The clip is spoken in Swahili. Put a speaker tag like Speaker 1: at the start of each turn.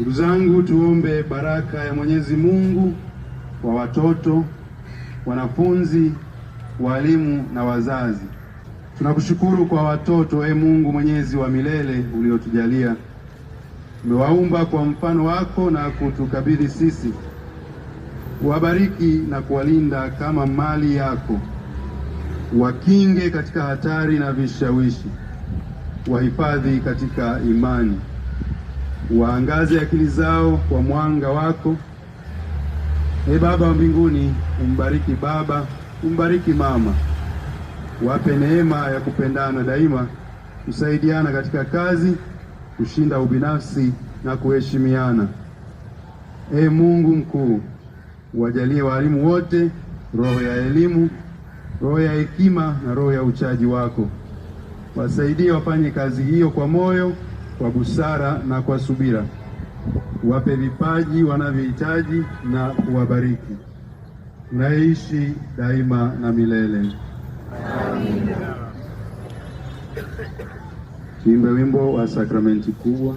Speaker 1: Ndugu zangu, tuombe baraka ya Mwenyezi Mungu kwa watoto, wanafunzi, walimu na wazazi. Tunakushukuru kwa watoto, e Mungu Mwenyezi wa milele uliotujalia. Umewaumba kwa mfano wako na kutukabidhi sisi. Wabariki na kuwalinda kama mali yako, wakinge katika hatari na vishawishi, wahifadhi katika imani waangaze akili zao kwa mwanga wako. e Baba wa mbinguni, umbariki baba, umbariki mama, wape neema ya kupendana daima, kusaidiana katika kazi, kushinda ubinafsi na kuheshimiana. Ee Mungu mkuu, wajalie walimu wote roho ya elimu, roho ya hekima na roho ya uchaji wako. Wasaidie wafanye kazi hiyo kwa moyo kwa busara na kwa subira, wape vipaji wanavyohitaji na kuwabariki. Naishi daima na milele. Amina. Tuimbe wimbo wa sakramenti kubwa.